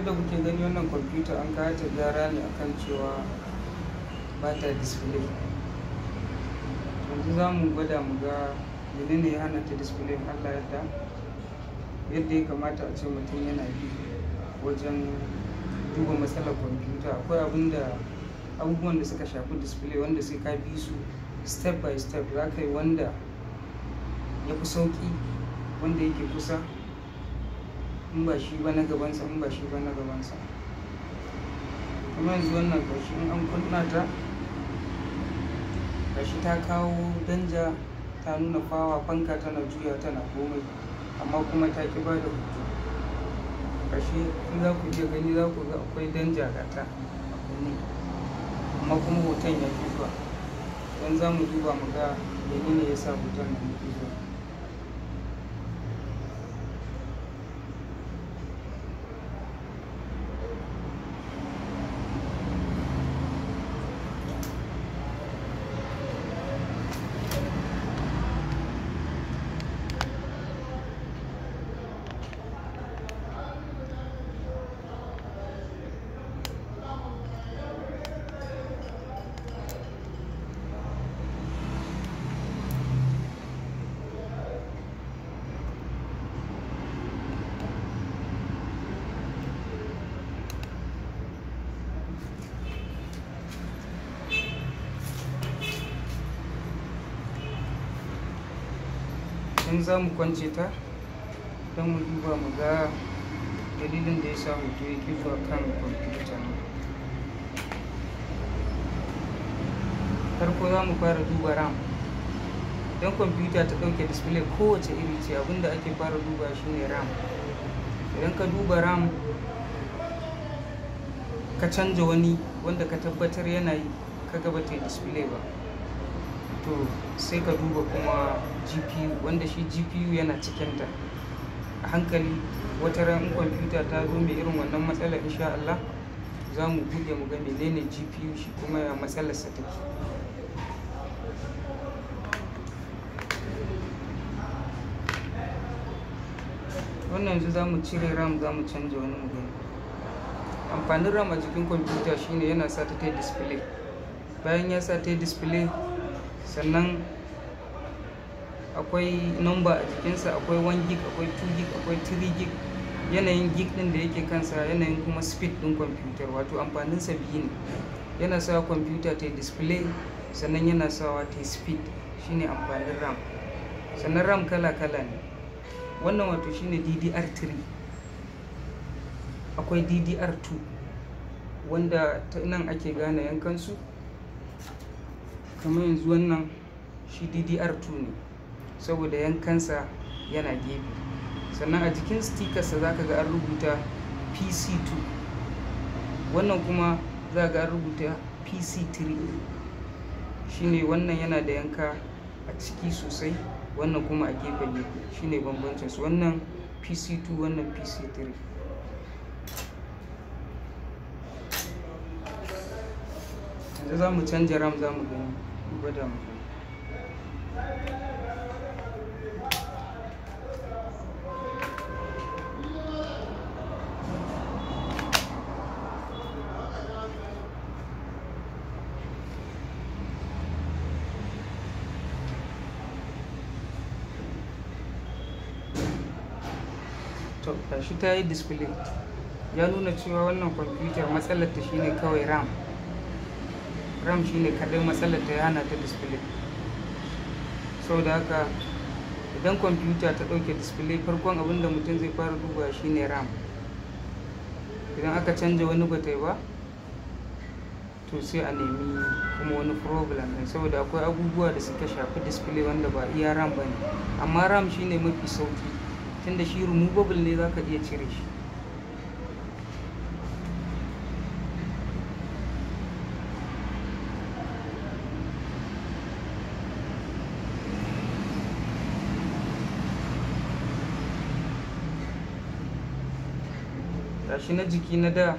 yadda kuke gani wannan kwamfuta an kawo ta gyara ne akan cewa ba ta display yanzu za mu gwada mu ga menene ya hana ta display allah yadda yadda ya kamata a ce mutum yana bi wajen duba matsalar kwamfuta akwai abin da abubuwan da suka shafi display wanda sai ka bi su step by step za ka yi wanda ya fi sauki wanda yake kusa in ba shi ba na gabansa in ba shi ba na gabansa kuma yanzu wannan gashi in an kunna ta gashi ta kawo danja ta nuna fawa fanka tana juya tana komai amma kuma ta ki ba da hoto gashi in za ku je gani za ku ga akwai danja ga ta amma kuma hoton ya fi zuwa don za mu duba mu ga menene ya sa hoton nan ya fi zuwa yanzu za mu kwance ta don mu duba mu ga dalilin da ya sa hoto ya kifo zuwa kan kwamfuta farko za mu fara duba ram idan kwamfuta ta ɗauke display kowace iri ce abinda ake fara duba shi ne ram idan ka duba ram ka canja wani wanda ka tabbatar yana yi ka gaba ta display ba to sai ka duba kuma gpu wanda shi gpu yana cikinta a hankali wata ran kwamfuta ta zo mai irin wannan matsala insha Allah za mu buge mu ga menene gpu shi kuma ya matsalarsa take wannan yanzu za mu cire ram za mu canja wani magana amfanin ram a jikin kwamfuta shine yana sa ta display bayan ya sa ta display sannan akwai number a jikinsa akwai 1 gig akwai 2 gig akwai 3 gig yanayin gig din da yake kansa yanayin kuma speed din kwamfutar wato amfaninsa biyu ne yana sa kwamfuta ta display sannan yana sawa ta speed shine amfanin ram sannan ram kala-kala ne wannan wato shine ddr3 akwai ddr2 wanda ta nan ake gane yankansu kamar yanzu wannan shi ddr2 ne saboda yankansa yana gefe sannan a jikin stikarsa za ka ga an rubuta pc2 wannan kuma za ga an rubuta pc3 shine wannan yana da yanka a ciki sosai wannan kuma a gefe gefe shine bambancin su wannan pc2 wannan pc3 yanzu za mu canja ram za mu gani gwada mu to shi ta yi display ya nuna cewa wannan kwamfutar matsalar ta shine kawai ram ram shine kadai matsalar ta hana ta display saboda haka idan kwamfuta ta ɗauke display farkon abin da mutum zai fara duba shine ram idan aka canja wani batai ba to sai a nemi kuma wani problem ne saboda akwai abubuwa da suka shafi display wanda ba iya ram ba ne amma ram shine mafi sauki tunda shi removable ne zaka iya cire shi gashi na jiki na da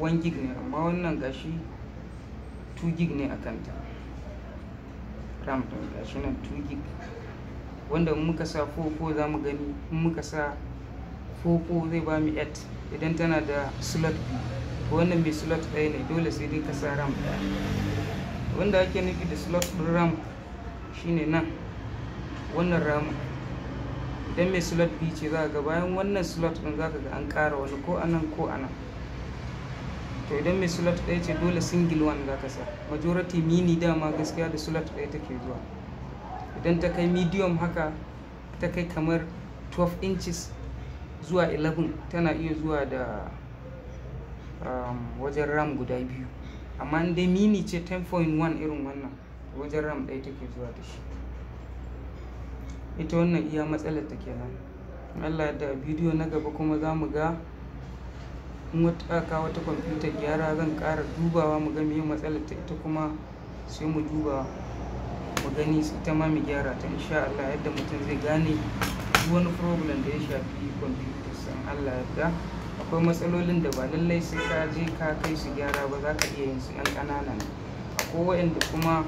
1 gig ne amma wannan gashi 2 gig ne a kanta ram ɗin gashi nan 2 gig wanda muka sa 44 za mu gani in muka sa 44 zai ba mu 8 idan tana da slot biyu wannan mai slot ɗaya ne dole sai dai ka sa ram ɗaya wanda ake nufi da slot ɗin ram shine nan wannan ramin idan mai slot b ce za ga bayan wannan slot ɗin za ka ga an ƙara wani ko anan ko anan to idan mai slot ɗaya ce dole single one za ka sa majority mini dama gaskiya da slot ɗaya take zuwa idan ta kai medium haka ta kai kamar 12 inches zuwa 11 tana iya zuwa da um, wajen ram guda biyu amma dai mini ce 10.1 irin wannan wajen ram ɗaya take zuwa da shi ita wannan iya matsalar ta kenan Allah da bidiyo na gaba kuma za mu ga in wata wata kwamfutar gyara zan kara dubawa mu ga meye matsalar ta ita kuma sai mu duba mu gani su ma mu gyara ta insha Allah yadda mutum zai gane duk wani problem da ya shafi kwamfutar san Allah yadda akwai matsalolin da ba lallai sai ka je ka kai su gyara ba za ka iya yin su 'yan ƙanana ne akwai waɗanda kuma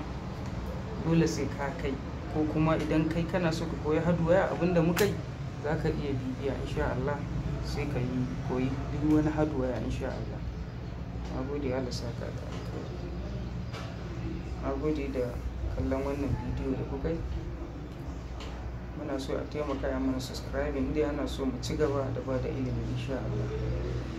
dole sai ka kai ko kuma idan kai kana so ka koyi abin da muka yi za ka iya bibiya insha Allah sai ka yi koyi duk wani hadu insha Allah na gode Allah da na gode da kallon wannan bidiyo da kuka yi muna so a taimaka ya mana subscribe inda yana so mu ci gaba da ba da ilimi insha Allah